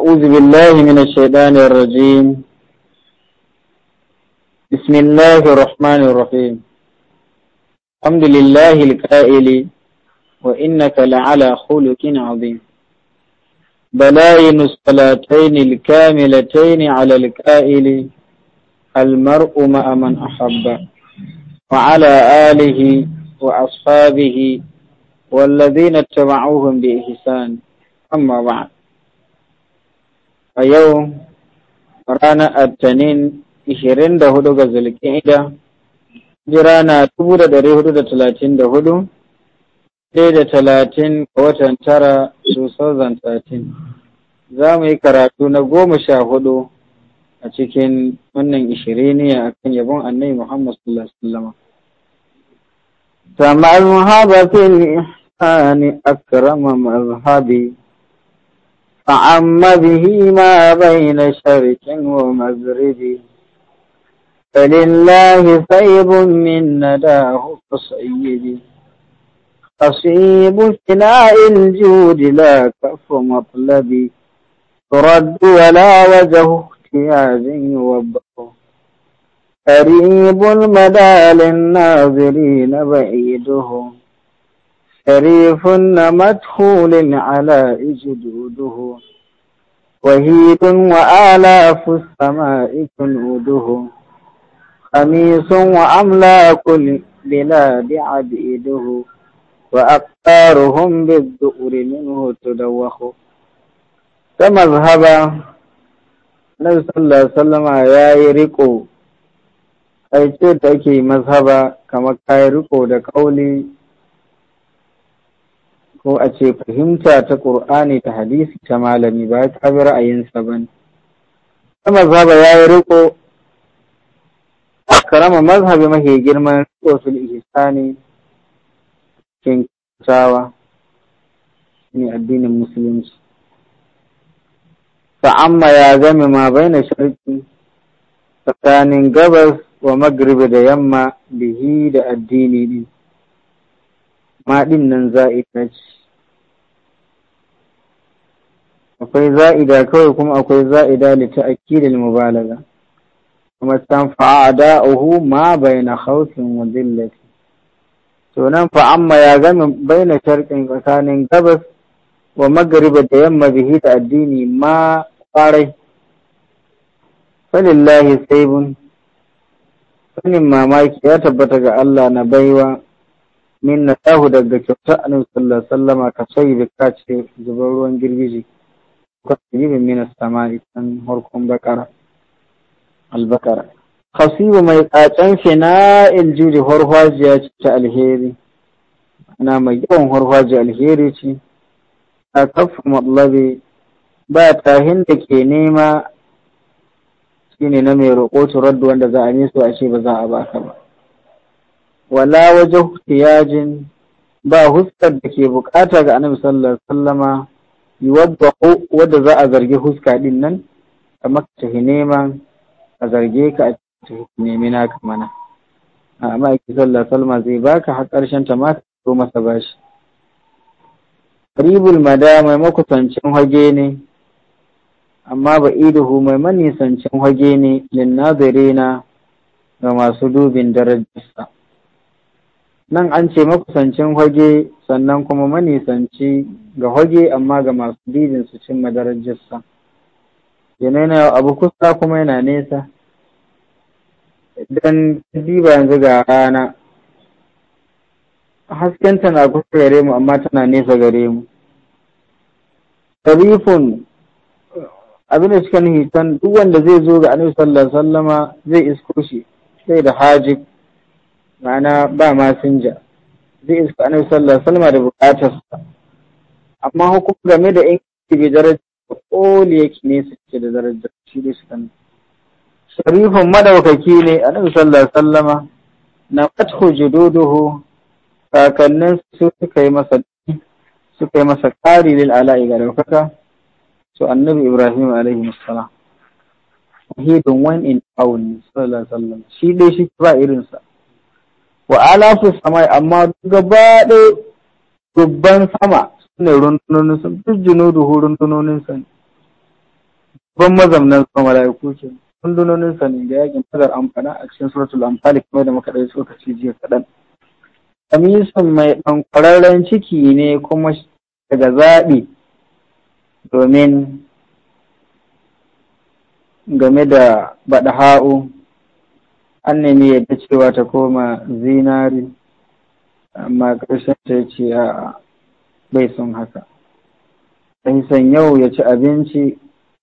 أعوذ بالله من الشيطان الرجيم بسم الله الرحمن الرحيم الحمد لله الكائل وإنك لعلى خلق عظيم بلاين الصلاتين الكاملتين على الكائل المرء مع من أحب وعلى آله وأصحابه والذين اتبعوهم بإحسان أما بعد a yau ranar Attanin hudu ga Zulqa'ida jira na 1434 sai da talatin da da hudu, talatin ga watan tara 2013 za mu yi karatu na goma sha hudu a cikin wannan ishiriniya a kan yabon annai Muhammad sallallahu Alaihi wasallama. Samar muhabbatin ihsani akrama mazhabi فعم به ما بين شرق ومغرب فلله فيض من نداه كصيد قصيب ثناء الجود لا كف مطلبي ترد ولا وجه احتياج يوبخ قريب المدى للناظرين بعيدهم شريف مدخول على جدوده وهيد وآلاف السماء جنوده خميس وأملاك البلاد عديده وأقطارهم بالذؤر منه تدوخ كمذهبا Annabi sallallahu alaihi sallama ya yi riko, ai ce take mazhaba kamar kayi riko da kauli ko a ce fahimta ta ƙur'ani ta hadisi ta malami ba ta bi ra'ayinsa ba ne. mazhaba ya yi riko karama mazhabi mahi girman riko sul ihsani cikin kyautawa ne addinin musulunci. amma ya zame ma bai na sharki tsakanin gabas wa magribi da yamma bihi da addini ne. maɗin nan na ce akwai za'ida kawai kuma akwai za'ida li ta'akkidil mubalaga kuma san fa'ada uhu ma baina khawfin wa dillati to nan fa amma ya gami baina sharqin tsakanin gabas wa magariba da yamma bihi da addini ma kwarai falillahi saibun sanin mamaki ya tabbata ga Allah na baiwa min na tahu daga kyauta a sallallahu Sallar wasallama ka sai da ka ce zubar ruwan girgiji ka yi min min sama'i kan harkon bakara albakara khasibu mai tsatsan fina'il juri horhajiya ce ta alheri ana mai yawan horhaji alheri ce a kafin matlabi ba ta hinda ke nema shine na mai roƙo turar wanda za a nesa a ce ba za a baka ba wala waje tiyajin ba huskar da ke bukata ga annabi sallallahu alaihi wasallama yuwadda wadda za a zargi huska din nan kamar ta neman a zarge ka a cikin nemi naka mana amma ake sallar salma zai baka har ta ma masa bashi ribul mada mai makusancin hage ne amma ba iduhu mai manisancin hage ne lin nazirina ga masu dubin darajarsa nan an ce makusancin hoge sannan kuma manisanci ga hoge amma ga masu didin su cin madarajarsa yana yana abu kusa kuma yana nesa idan diba yanzu ga rana hasken tana kusa gare mu amma tana nesa gare mu tarifun abin da cikin hiton, duk wanda zai zo ga annabi sallallahu alaihi wasallama zai isko shi sai da hajib ma'ana ba masinja zai iska annabi sallallahu alaihi da sa. amma hukum game da in bi daraja ƙoli yake ne su ce da daraja shi dai su kan sharifin madaukaki ne annabi sallallahu alaihi sallama na fathu jududuhu kakannin su suka yi masa suka yi masa kari lil ala'i ga daukaka to annabi ibrahim alaihi wassalam wahidun one in auni sallallahu alaihi wasallam shi dai shi ba irinsa wa alafu samai amma gaba ɗaya dubban sama sune rundunonin sun duk junuduhu rundunonin sa ne ban mazamnan sa mala'iku ke rundunonin sa ne ga yakin fadar amfana a cikin suratul amfani kamar da muka ɗaya tsokaci jiya kaɗan kamisun mai ɗan kwararren ciki ne kuma daga zaɓi domin game da ha'u. an nemi yadda cewa ta koma zinari amma ƙarshen ta ce a bai sun haka san yau ya ci abinci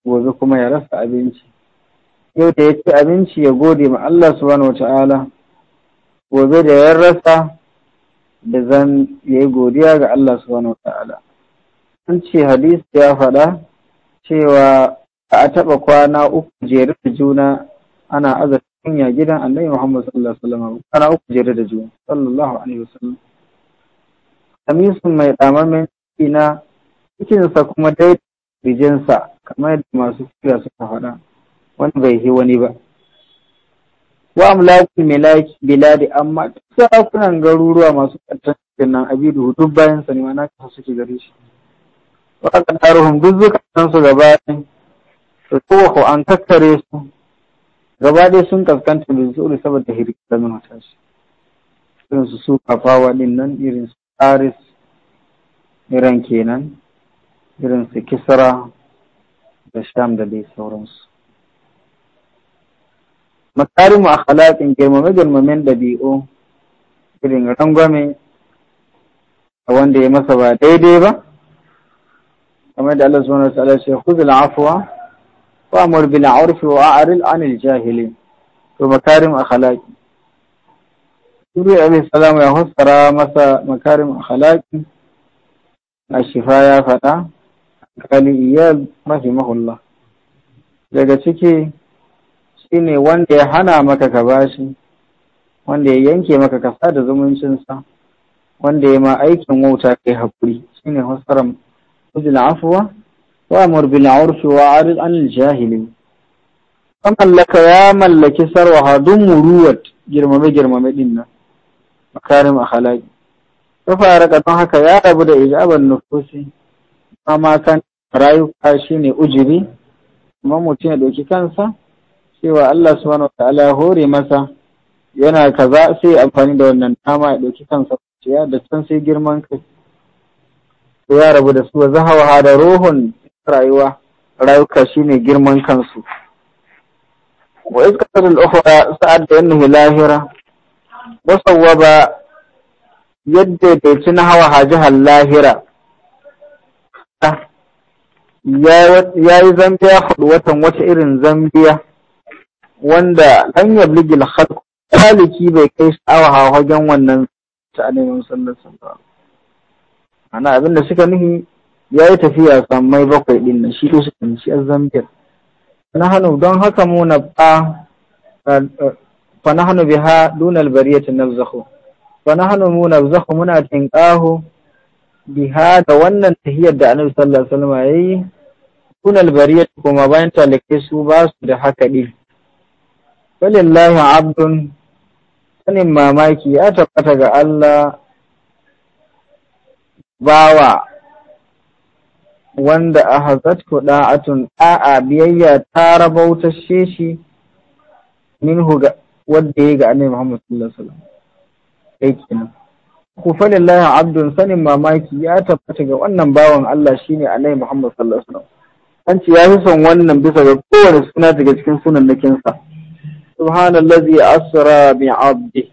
gobe kuma ya rasa abinci yau da ya ci abinci ya gode ma Allah subhanahu wata'ala gobe da ya rasa da zan ya yi godiya ga Allah subhanahu wata'ala an ce hadisi ya faɗa cewa a taɓa kwana uku jeri da juna ana azar kunya gidan annabi Muhammad sallallahu alaihi wasallam kana uku jere da juna sallallahu alaihi wasallam kamisun mai tsamammen ina sa kuma dai sa kamar yadda masu kira suka faɗa wani bai yi wani ba wa amlaki milaki biladi amma sarakunan garuruwa masu ƙarfin cikin nan abidu duk bayan sa ne ma na kasa suke gare shi wa aka taruhun duk zukatan su gaba ɗin su an kakkare su gaba dai sun kaskanta da da saboda hirkitar matashi irin su su kafawa din nan irin su paris iran kenan irin su kisra da sham da dai sauransu makarimu akhlaqin girmame girmamen dabi'u irin rangwame a wanda ya masa ba daidai ba kamar da Allah subhanahu wa ta'ala ya ce khudh afwa na a وأمر بالعرف وأعرض عن a ومكارم أخلاقي Jibril alaihi salamu ya fassara masa makarim akhlaqi a shifa ya faɗa kali iyal mahulla. daga ciki ne wanda ya hana maka ka bashi wanda ya yanke maka kasa da zumuncinsa wanda ya ma aikin wauta kai hakuri shine fassarar hujjul afwa wa mur bil urf wa arid an al ya mallaki sar wa hadun girmame girmame dinna makarim akhlaqi fa haka ya rabu da ijaban nufusi amma kan rayu shine ujiri. amma mutun da yake kansa cewa Allah subhanahu wa ta'ala hore masa yana kaza sai amfani da wannan dama da yake kansa cewa da san ya rabu da su wa zahawa da ruhun rayuwa rayuka shine girman kansu wa iska al-ukhra sa'ad da annahu lahira wa sawaba yadda bai ci na hawa jihar lahira ya yi zambiya hudu watan wata irin zambiya wanda hanyar yabligi al-khalq bai kai sha'awa hawa wajen wannan sha'anin sallallahu alaihi wasallam ana abinda suka nuhi ya yi tafiya samai bakwai ɗin nan shi su shi a zambiyar nahanu don haka mu na ba fa nahanu biha dunal bariyati nafzahu fa nahanu mu zaho muna bi ha da wannan tahiyar da annabi sallallahu alaihi wasallam yi. dunal bariyati kuma bayan talake su ba su da haka din falillahi abdun sanin mamaki ya tabbata ga Allah bawa wanda a hazat a a'a biyayya ta rabautashe shi minhu ga wanda ya ga annabi Muhammad sallallahu alaihi wasallam kai kenan ku abdun sanin mamaki ya tabbata ga wannan bawan Allah shine annabi Muhammad sallallahu alaihi wasallam an ce ya fi son wannan bisa ga kowane suna daga cikin sunan nakinsa subhanallazi asra bi abdi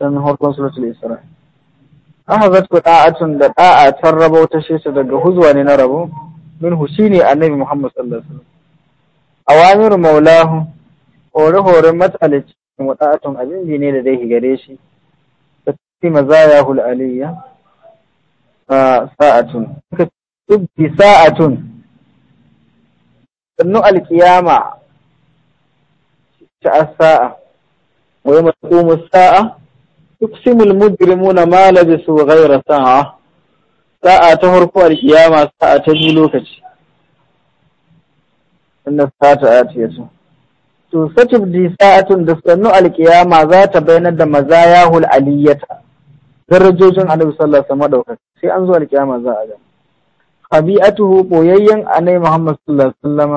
san harkon suratul isra' ahazat ku da'atun da da'a tar rabo ta daga huzwa ne na rabo min ne annabi Muhammad sallallahu alaihi wasallam awamiru maulahu hore hore matsalicin wada'atun abin ne da dai gare shi ta fi mazaya hul aliyya sa'atun tubbi sa'atun sannu alkiyama ta sa'a wa matsumus sa'a يقسم المجرمون ما لبسوا غير ساعة ساعة تهرفوا القيامة ساعة تجلوكة إن الساعة آتية to satubdi sa'atun da sannu alkiyama za ta bayyana da mazayahul aliyata darajojin annabi sallallahu alaihi wasallam daukaka sai an zo alkiyama za a ga qabi'atuhu boyayyen annabi muhammad sallallahu alaihi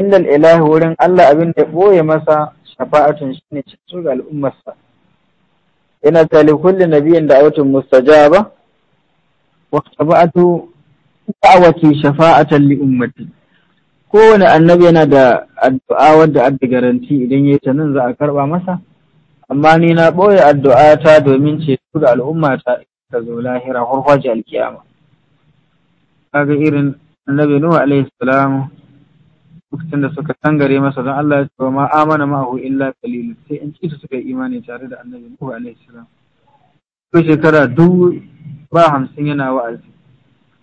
wasallama ilahi wurin allah abin da ya ɓoye masa shafa'atun shine cikin al'ummarsa yana ta li kulli da da'watun mustajaba wa qabatu shafa shafa'atan li ummati kowane annabi yana da addu'a wadda adda garanti idan ya ta nan za a karba masa amma ni na ɓoye addu'a ta domin ceto da al'umma ta ta zo lahira harfaji alkiyama kaga irin annabi nuhu alaihi salamu lokacin da suka tangare masa don Allah ya ce wa ma amana illa qalil sai in kisa suka yi imani tare da annabi Nuhu alaihi salam ko shekara dubu ba hamsin yana wa'azi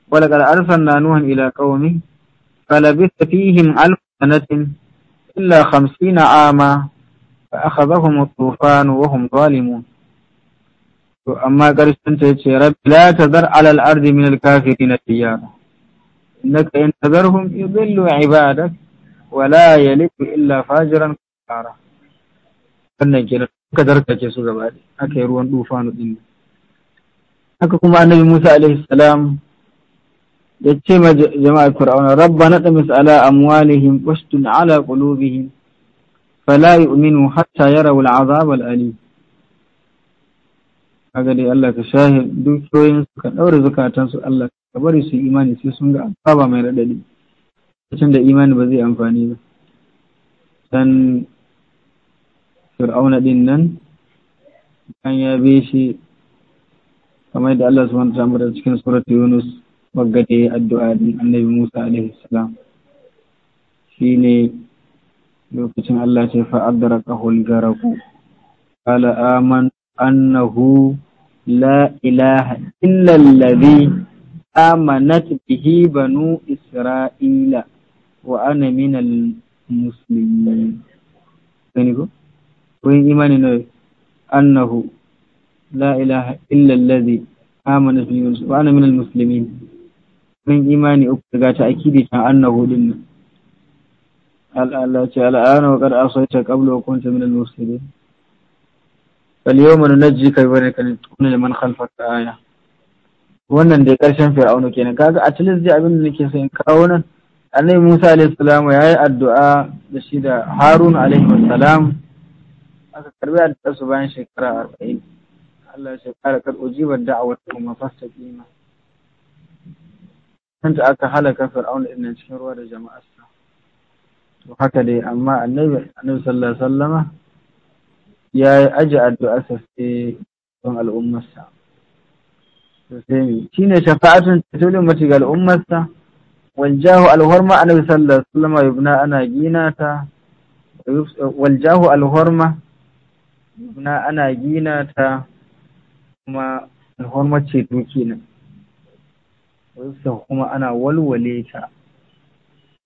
wala qad arsalna nuhan ila qaumi falabitha fihim alf sanatin illa khamsina ama fa akhadhahum at-tufan wa hum zalimun to amma ƙarshen ta yace rabbi la tazar ala al-ardi min al-kafirin diyara innaka in tazarhum yudillu ibadak wala yaliku illa fajiran kara wannan kenan suka darkace su gaba aka yi ruwan dufanu din haka kuma annabi Musa alaihi salam ya ce ma jama'a fir'auna rabbana tamis ala amwalihim washtun ala qulubihim fala yu'minu hatta yarawu al'azab al'ali kaga dai Allah ka shahid dukiyoyin su ka daure zukatan su Allah ka bari su imani sai sun ga azaba mai radadi lokacin da imani ba zai amfani ba san fir'auna din nan an ya be shi kamar da Allah subhanahu wa ta'ala cikin surat Yunus waggade addu'a din Annabi Musa alaihi salam shine lokacin Allah ce fa adrakahu al-garaku qala aman annahu la ilaha illa alladhi amanat bihi banu isra'ila wa ana minal muslimin gani ko wurin imani na annahu la ilaha illa allazi amana bi wa ana minal muslimin min imani uku daga ta akidi ta annahu din nan Allah ce al'ana wa qad asaita qabla wa kunta minal muslimin فاليوم ننجيك ببدنك لتكون لمن خلفك aya. wannan dai ƙarshen fir'auna kenan kaga a tilis dai abin da nake so in kawo nan annabi Musa alayhi salamu ya yi addu'a da shi da Harun alayhi salam aka karbi addu'a su bayan shekara arba'in Allah ya shekara kar ujibar da'awar kuma fasta kima Tanta aka halaka fir'aun ɗin cikin ruwa da jama'arsa to haka dai amma annabi annabi sallallahu alaihi wasallama ya yi aji addu'a sa sai don al'ummarsa to sai ne shine shafa'atun tattalin mati ga al'ummarsa waljahu alhorma annabi sallallahu alaihi wasallam yubna ana gina waljahu alhorma yubna ana gina ta kuma alhorma ce duki nan kuma ana walwale ta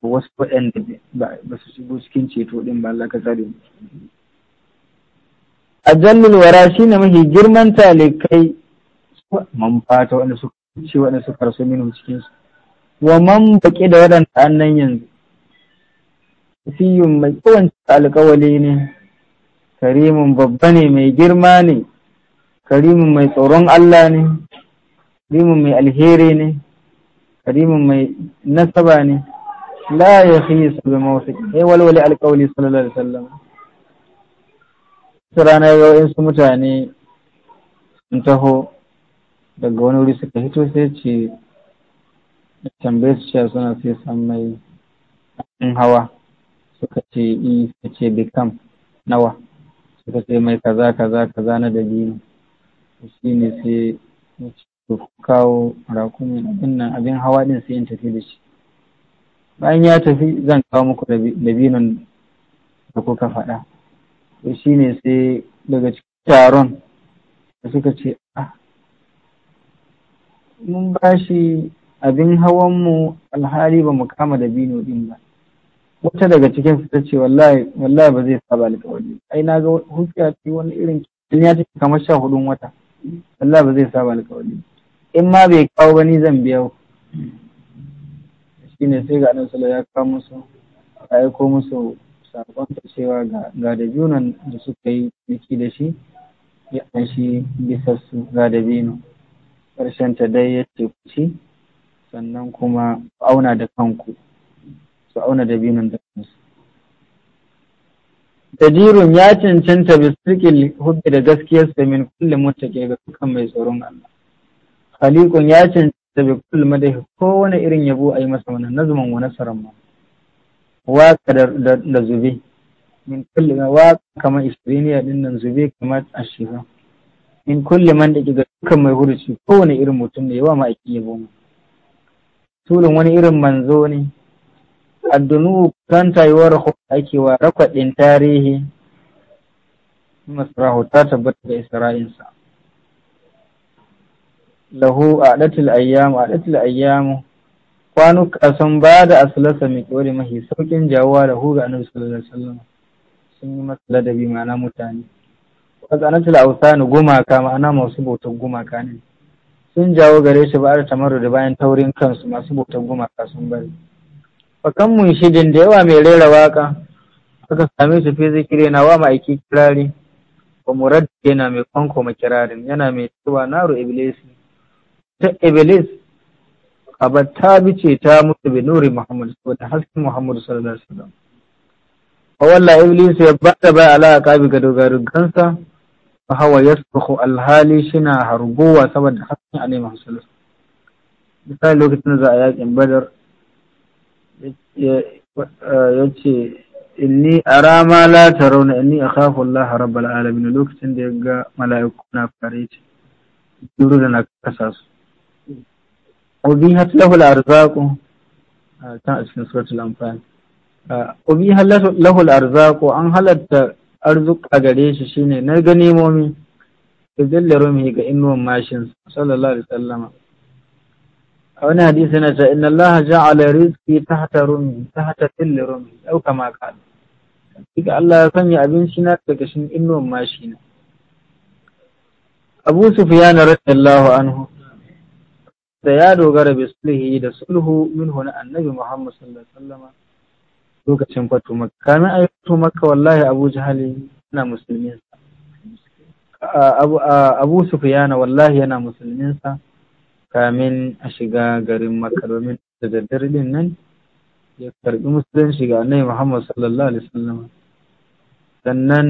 wasu waɗanda ba su shigo cikin ceto ɗin ba Allah ka tsare mu ajallul wara shine mafi girman talikai man fata wanda suka ce wanda suka rasu minhum cikinsu. wa man baƙi da waɗanda annan yanzu siyun mai kowace alƙawali ne karimin babba ne mai girma ne karimin mai tsoron Allah ne karimin mai alheri ne karimin mai nasaba ne la ya su bi mawsi ai eh, walwale alƙawali sallallahu alaihi wasallam su rana yau su mutane sun taho daga wani wuri suka hito sai ce tambaye su cewa suna sai san mai in hawa suka ce i suka ce bikam nawa suka ce mai kaza kaza kaza na dabino shi ne sai kawo rakumi abin nan abin hawa din sai in tafi da shi bayan ya tafi zan kawo muku dabinon da kuka faɗa to shi ne sai daga cikin taron da suka ce ah mun ba shi abin hawan mu alhali ba mu kama da bino din ba wata daga cikin su ta ce wallahi ba zai saba alƙawari. ai na ga hukiya ce wani irin kin ya take kamar sha hudun wata wallahi ba zai saba alƙawari. in ma bai kawo ba ni zan biya shine sai ga annabi sallallahu ya kawo musu aiko musu sakon ta cewa ga da junan da suka yi biki da shi ya shi bisa su ga da bino karshen ta dai ya ce ku ci sannan kuma ku auna da kanku su auna da binin da kansu tajirun ya cancanta bi sirkin hudu da gaskiyar sa min kulli muttaqi ga dukkan mai tsoron Allah khaliqun ya cancanta bi kulli madahi kowane irin yabo a yi masa wani nazumin wa nasaran ma waka da zube min kulli waka kamar isriniya din nan zube kamar ashirin in kulli man da ke ga dukkan mai huruci kowane irin mutum da yawa ma aiki yabo mu Tulin wani irin manzo ne addunu kan tayuwar ake wa rakwadin tarihi masrahu ta tabbata ga isra'insa lahu a ɗatil ayyamu a ɗatil ayyamu kwanuka sun ba da asalasa mai ƙori mahi sauƙin jawuwa da ga annabi sallallahu alaihi wasallam sun yi masa ladabi ma'ana mutane wasu anatul ausani gumaka ma'ana masu bautar gumaka ne sun jawo gare shi ba'ar tamaru da bayan taurin kansu masu bautan gumaka sun bari Bakan mun shidin da yawa mai rera waka aka same su fi zikiri na wa ma'aiki kirari mu yana mai kwankoma kirarin yana mai cewa naro iblisi ta iblis ta bice ta mutu bi nuri muhammad saboda hasken muhammad sallallahu alaihi wasallam wa wallahi iblis ya da bai alaƙa bi ga dogarugansa fa hawa yasbahu alhali shina harguwa saboda hasken alaihi wasallam misali lokacin da za a yakin badar ya ce inni a rama la tarawna inni akhafu Allah rabbal alamin lokacin da ya ga mala'iku na fare ce duru da na kasa su ubihat lahu al-arzaq ta a cikin suratul anfal ubihat lahu al-arzaq an halatta arzuka gare shi shine na ganimomi da jalla rumhi ga inuwan mashin sallallahu alaihi wasallama a wani hadisi na cewa inna Allah ja'ala rizqi tahta rumhi tahta tilli rumhi au kama qala kika Allah ya sanya abinci na daga shin inuwan mashina Abu Sufyan radiyallahu anhu da ya dogara bisulhi da sulhu minhu na Annabi Muhammad sallallahu alaihi wasallama lokacin fatu makka kamin a yi fatu makka wallahi abu jahali yana musulmin abu sufiyana wallahi yana musulminsa kamin a shiga garin maka domin da daddare din nan ya karbi musulunci shiga annabi muhammad sallallahu alaihi wasallam sannan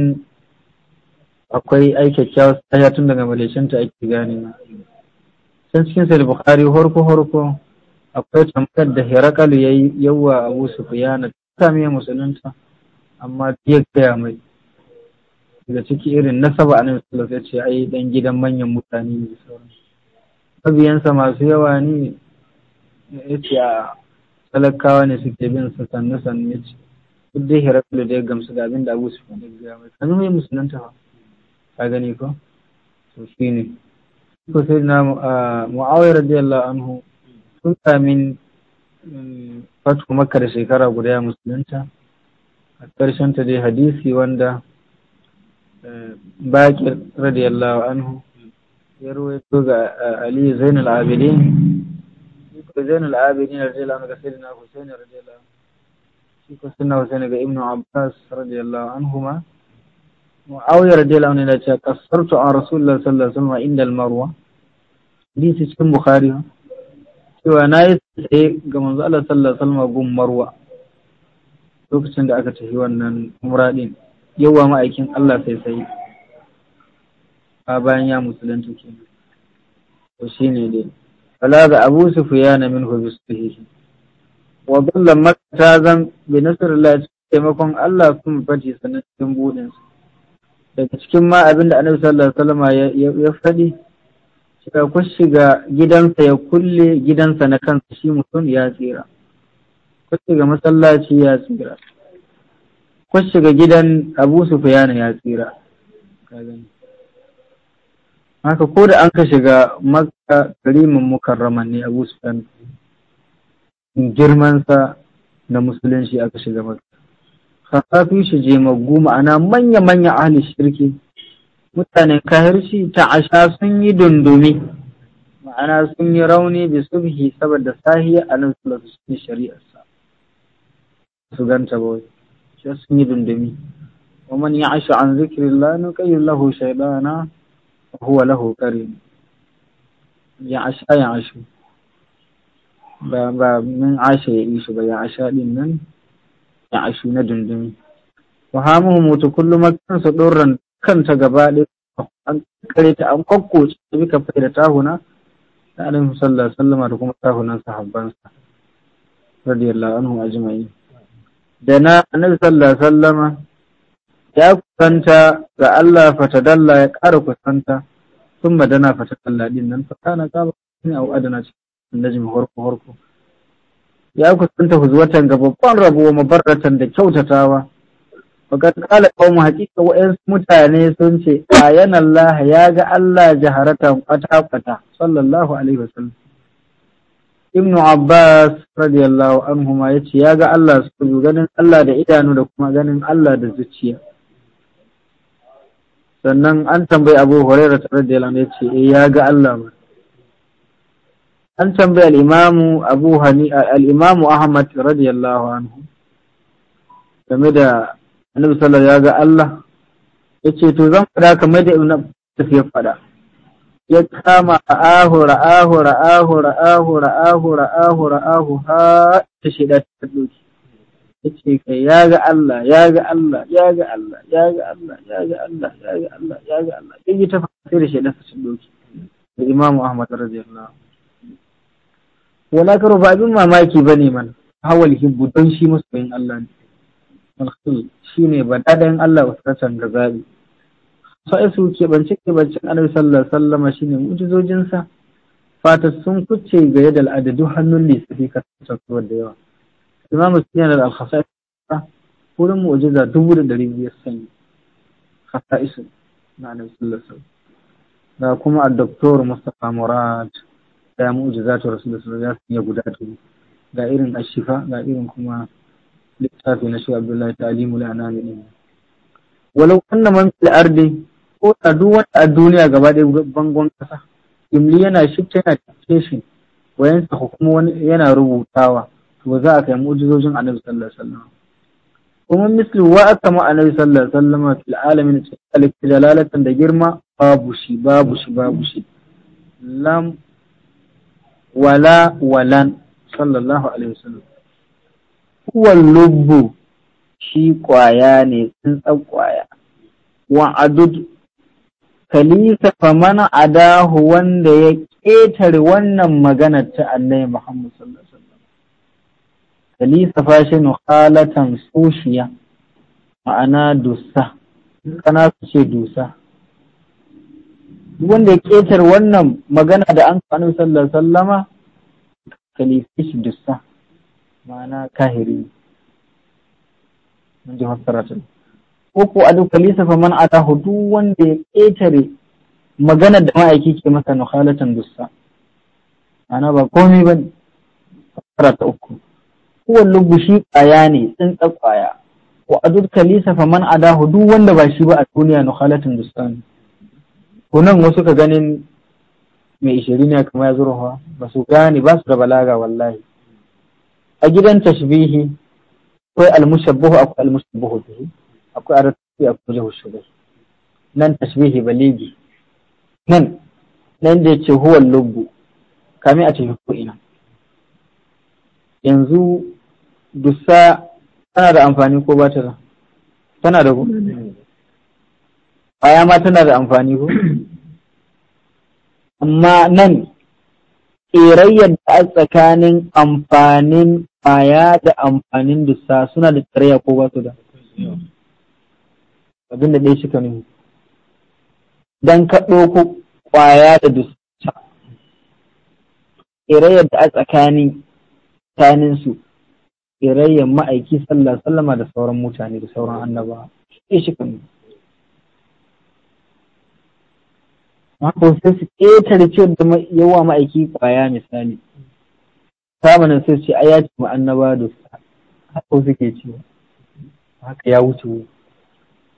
akwai ai kyakkyawar ya tun daga ake gane can cikin sai bukhari horko horko akwai tamkar da hirakalu ya yi yawa abu sufiyana sami ya musulunta amma ya gaya mai daga ciki irin nasaba a nan ya ce ai dan gidan manyan mutane ne sauran mabiyansa masu yawa ne ya ce a talakawa ne suke bin sa sannu sannu ya ce duk dai hirakulu da ya gamsu da abin da abu su fadi gaya mai sannu mai musulunta ba ka gani ko to shi ne ko sai na mu'awiyar radiyallahu anhu sun sami eh, fatu makka da shekara guda ya musulunta a ƙarshen ta dai hadisi wanda eh, baƙir radiyallahu anhu ya ruwaito ga eh, ali zainul abidin ko zainul abidin radiyallahu anhu ga sayyidina husaini radiyallahu anhu shi ko sunna husaini ga ibnu abbas radiyallahu ma muawiya radiyallahu anhu ya ce kasartu an rasulullah sallallahu alaihi wasallam inda al-marwa hadisi cikin bukhari cewa na yi tsaye ga manzo Allah sallallahu alaihi wasallam gun Marwa lokacin da aka tafi wannan umra din yawa ma'aikin Allah sai sai a bayan ya musulunta kenan to shine dai fala da Abu Sufyan hu bisuhi wa dalla makka zan bi nasrillah taimakon Allah sun fadi sanin cikin budin daga cikin ma abinda Annabi sallallahu alaihi wasallam ya fadi shiga ku gidansa ya kulle gidansa na kansa shi mutum ya tsira ku masallaci ya tsira ku shiga gidan Abu Sufyan ya tsira haka ko da an ka shiga Makka karimin mukarraman ne Abu Sufyan girmansa na musulunci aka shiga Makka khasafi shi je magu ma'ana manya-manya ahli shirki mutanen shi ta asha sun yi dundumi ma'ana sun yi rauni bi subhi saboda sahiya a nan sulatu sun shari'arsa su ganta ba shi sun yi dundumi wa man ya asha an zikirillah na kayyar lahu shaidana huwa lahu kare ya asha ya asha ba ba min asha ya ishu ba ya asha din nan ya ashe na dundumi wa hamu mutu kullu makansa dorran kanta gaba ɗaya an kare ta an kwakkoce ta bi kafai da tahuna da alaihi sallallahu sallama da kuma tahunan sahabbansa radiyallahu anhu ajma'in da na annabi sallallahu sallama ya kusanta ga Allah fatadalla ya ƙara kusanta sun madana fatadalla din nan fatana ka ba ne au adana cikin najmi horko horko ya kusanta huzwatan ga babban rabuwa mabarratan da kyautatawa Fakat kala mu hakika wa'yansu mutane sun ce, 'A Ayan Allah ya ga Allah jaharatan kwata-kwata, sallallahu Alaihi wasallam. Ibn Abbas radiyallahu anhuma ya ce, Ya ga Allah su ganin Allah da idanu da kuma ganin Allah da zuciya. Sannan an tambayi Abu ta radiyallahu anhu ya ce, E, ya ga Allah ma. An tambayi al'imamu Abu Hani, al'imamu Ahmad radiyallahu anhu game da annabi sallallahu ya ga Allah ya ce to zan fada kamar da ibn Abbas ya fada ya kama ahura, ra'ahu ra'ahu ra'ahu ra'ahu ra'ahu ra'ahu ha ta shida ta doki ya ce kai ya ga Allah ya ga Allah ya ga Allah ya ga Allah ya ga Allah ya ga Allah ya ga Allah ya yi ta fasira shida ta doki da Imam Ahmad radiyallahu wala karo ba abin mamaki bane man hawal hibbu don shi masoyin Allah ne makhsul shine badadan Allah wasu wasratan da zabi fa'isu keɓance keɓancen annabi sallar sallama, shi ne mu'jizojinsa fatar sun kuce ga yadda al'adadu hannun lissafi kasancewa da yawa imam muslim da al-khasa'is wurin mu'jiza dubu da ɗari biyar sanyi? sanya Isu na annabi sallallahu alaihi da kuma al-doktor Mustapha Murad da mu'jizatu ta sallallahu alaihi wasallam ya guda dubu ga irin ashifa ga irin kuma littafi na shi Abdullahi Talimu la ana ne walau anna man fil ardi ko da duk wanda a duniya gaba ɗaya bangon ƙasa imli yana shifta yana cike shi wayan sa kuma yana rubutawa to za a kai mu'jizojin Annabi sallallahu alaihi wasallam kuma misli wa aka ma Annabi sallallahu alaihi wasallam fil alamin cikin jalalatan da girma babu shi babu shi babu shi lam wala walan sallallahu alaihi wasallam kuwan lubbu shi ƙwaya ne tsintsar ƙwaya wa adud kalisa mana adahu wanda ya ƙetare wannan maganar ta annai Muhammad sallallahu alaihi wasallam kalisa fashin halatan sushiya ma'ana dusa kana su ce dusa wanda ya ƙetare wannan magana da an kanu sallallahu alaihi wasallama kalisa shi dusa ma'ana kahiri mun ji fassaratu ko ko a duka fa man ata hudu wanda ya ƙetare maganar da ma'aiki ke masa nukhalatan dusa ana ba komai ne. fassara ta uku kowanne lubushi shi ƙaya ne sun tsakwaya ko a duka fa man adahu hudu wanda ba shi ba a duniya dusa ne ko nan wasu ka ganin mai ishirin ne kama ya zurfa ba su gane ba su da balaga wallahi a gidan tashbihi akwai almushabbahu akwai almushabbahu bihi akwai arati akwai lahu shubai nan tashbihi baligi nan nan da yake huwa lubbu kame a tafi ko ina yanzu dusa tana da amfani ko ba ta da tana da ko aya ma tana da amfani ko amma nan tsirayyar da a tsakanin amfanin ƙwaya da amfanin dusa suna da tsaraya ko ba su da abin da ɗaya shi kanu don ka ɗauko ƙwaya da dusa tsirayar da a tsakanin tsakaninsu tsirayyar ma'aiki sallah sallama da sauran mutane da sauran annaba shi shi kanu haka sai su ƙetare ce da yawa ma'aiki ƙwaya misali zamanin sai ce ai ya ce annaba da haka suke ce haka ya wuce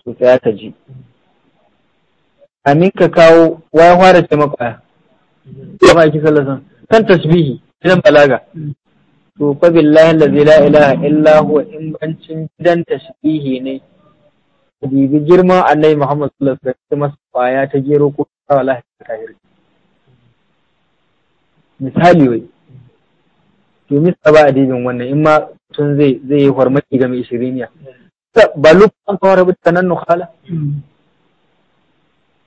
to tsaya ta ji amin ka kawo ya fara ce makwaya kama aiki sallasan kan tasbihi idan balaga to fa billahi allazi la ilaha illa huwa in bancin gidan tasbihi ne bibi girman annabi muhammad sallallahu alaihi wasallam masa kwaya ta gero ko ta wallahi ta misali wai to mista ba a dibin wannan in ma tun zai zai yi hormaki ga mai ishiriniya ba lufan kawar rabu ta nan nukhala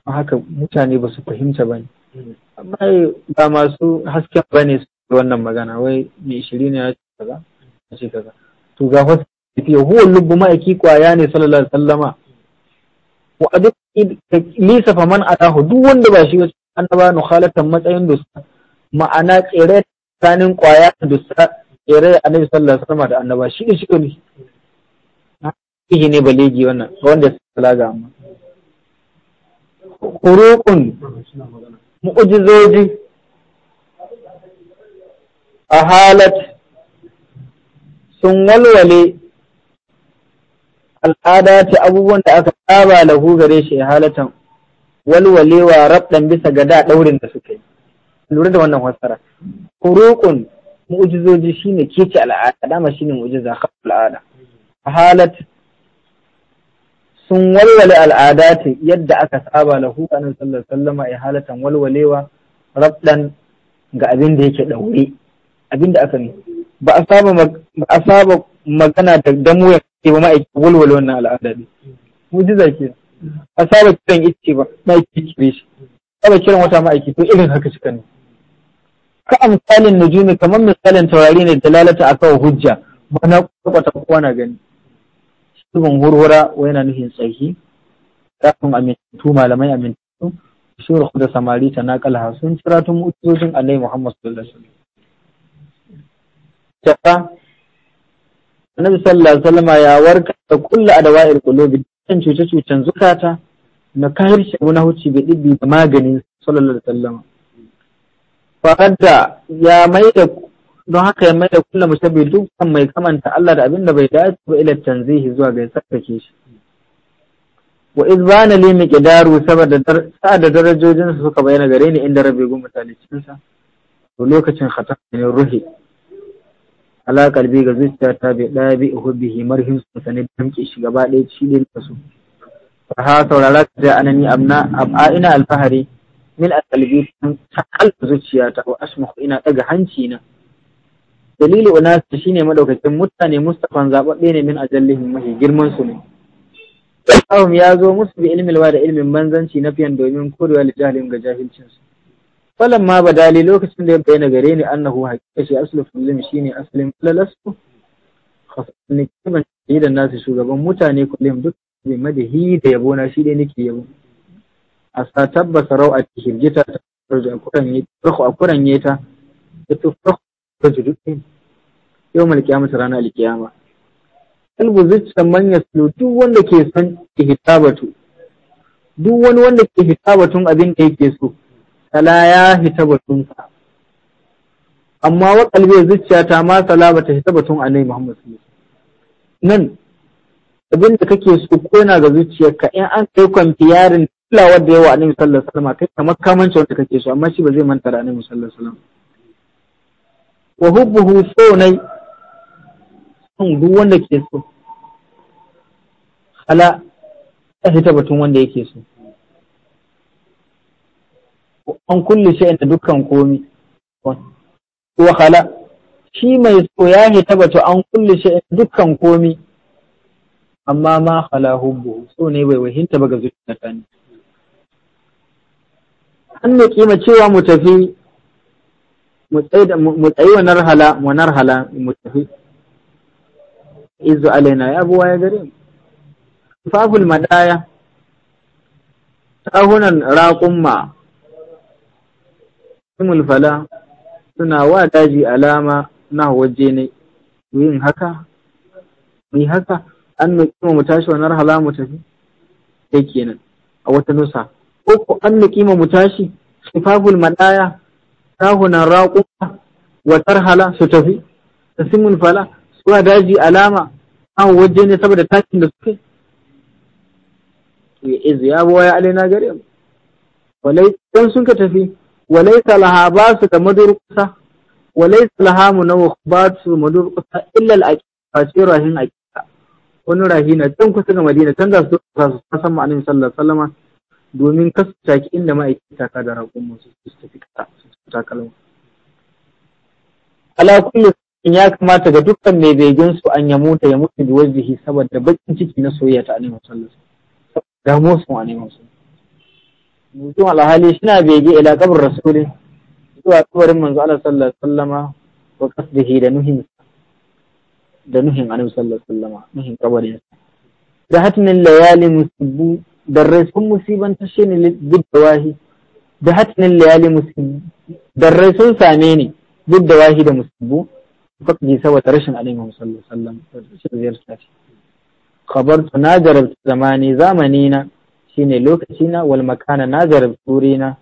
haka mutane ba su fahimta ba ne amma ba masu hasken ba ne su wannan magana wai mai ishiriniya ya ce kaza ya ce kaza to ga wasu tafiya huwa lubbu ma'aiki kwaya ne sallallahu alaihi sallama wa a duk lisa faman alahu duk wanda ba shi wacce annaba ba halatan matsayin da ma'ana tsere tsakanin kwaya da dusa tsere a annabi sallar alaihi sama da annaba shi ne shi ne shi ne balegi wannan wanda ya balaga amma kurukun mu'ujizoji a halat sun walwale al'ada ta abubuwan da aka saba lahu gare shi a halatan walwalewa rabdan bisa ga da daurin da suka yi lura da wannan fassara furuqun mu'jizoji shine kece al'ada dama shine mu'jiza khalqul al'ada halat sun walwale al'ada ta yadda aka saba lahu kanin sallallahu sallama ya halatan walwalewa rabdan ga abin da yake daure abin da aka ne ba a saba ba a saba magana da damu ya ke ba ma'aiki walwale wannan al'ada ne mujiza ke a saba kiran ice ba ma'aiki kire shi saba kiran wata ma'aiki to irin haka shi ne ka misalin nujumi kamar misalin taurari ne dalalata akan hujja ba na kwata kowa na gani shubin hurhura wa yana nufin tsaki kafin amintu malamai amintu shuru da samari ta naƙala sun cira tun mutuzin alai muhammad sallallahu alaihi wasallam annabi sallallahu alaihi wasallam ya warka da kullu adawa'il qulubi dukkan cuce-cucen zukata na kahirci abu na hucci bai dibbi da maganin sallallahu alaihi wasallam faradda ya mai da don haka ya mai da kullum musabi dukkan mai kamanta Allah da abin da bai dace ba ila tanzihi zuwa ga tsarkake shi wa iz bana li miqdaru saboda da darajojin su suka bayyana gare ni inda rabe gun mutalicin sa to lokacin khata ne ruhi ala kalbi ga zuciya ta bi da bi hubbihi marhim su sani damke shi gaba ɗaya shi ne su fa ha saurara ta anani abna ab ina alfahari min alqalbi an ta zuciyata wa asmahu ina daga hanci na dalilu shi shine madaukakin mutane mustafan zababbe ne min ajallihim mahi girman su ne Allahum ya zo musu bi ilmin da ilmin manzanci na fiyan domin kodewa lijalin ga jahilcinsu. Falan ma badali lokacin da ya bayyana gare ni annahu hakika shi aslu fullim shine asalin lalasu khasni kiman da nasu shugaban mutane kullum duk bi madahi da yabo na shi dai nake yabo asa tabbas a hirgita ta farji a yi ta da tufar farji dukkan yau mal kiyamata ranar alkiyama kalbu zuciya manya su duk wanda ke son hitabatu duk wani wanda ke hitabatun abin da yake so sala ya hitabatunsa amma wa kalbe zuciya ta ma sala ta hitabatun annabi Muhammad sallallahu alaihi nan abin da kake so ko yana ga zuciyarka in an kai kwamfiyarin illa wanda yawa a sallallahu alaihi wasallam kai kamar kamanci wanda kake so amma shi ba zai manta da nan sallallahu alaihi wasallam wa hubbuhu sunai son duk wanda ke so ala a fita batun wanda yake so an kulle shi da dukkan komi wa hala shi mai so ya hita batu an kulle shi dukkan komi amma ma hala hubbu so ne bai wahinta ba ga zuciyar ne an ne kima cewa mu tafi mu tsayi wa narhala mu narhala mu tafi izu alaina ya buwa ya gare mu fafil madaya tahunan raƙumma imul fala suna wa daji alama na waje ne yin haka mu haka an mu tashi wa narhala mu tafi sai kenan a wata nusa ko ku na kima mu tashi sifaful malaya rahunan raƙuwa wa tarhala su tafi da simun fala su daji alama an waje ne saboda takin da suke ya izu ya ya alaina gare mu walai dan sun ka tafi walai salaha ba su madur kusa walai salaha mu na ba su madurkusa illal aqiqa ce rahin aqiqa wani rahina can kusa ga madina can za su sa su san ma'anin sallallahu alaihi domin kar su taki inda ma'aikata taka da raƙon su su tafi su takalma. Ala kulli ya kamata ga dukkan mai begen su an ya mota ya mutu da wajihi saboda bakin ciki na soyayya ta annabi sallallahu alaihi wasallam. Ga su annabi mutum alhali suna bege ila kabar rasuli zuwa kabarin manzo Allah sallallahu alaihi wasallama wa qasdihi da nuhin da nuhin annabi sallallahu alaihi wasallama nuhin kabarin da hatmin layali musibbu darrai sun musibanta shi ne da wahi da hatinin layali musulmi darrai sun same ni duk da wahi da musulmi fakat ji saboda rashin alaihi musallu sallam shi na jarabta zamani zamani na shine lokaci na wal makana na jarabta wuri na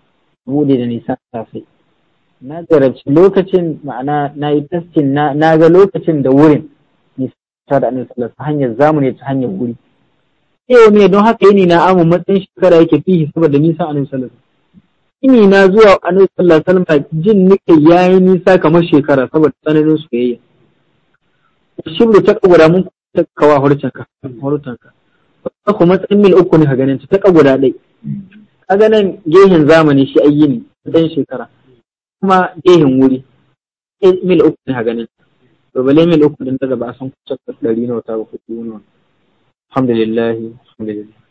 bude da nisan safe na jarabci lokacin ma'ana na yi taskin na ga lokacin da wurin nisan da annabi sallallahu hanyar zamani ta hanyar wuri yau ne don haka yini na amu matsayin shekara yake fihi saboda nisa a sallallahu ini na zuwa annabi sallallahu alaihi wasallam jin nake yayi nisa kamar shekara saboda tsananin soyayya shibru ta kagura mun ta kawa hurtanka hortanka kuma matsayin mil uku ne ka ganin ta kagura dai ka ganin gehen zamani shi ayi ne dan shekara kuma gehen wuri eh, mil uku ne ka ganin to bale mil uku din daga ba san kusa ɗari na wata ba 100 wani. الحمد لله الحمد لله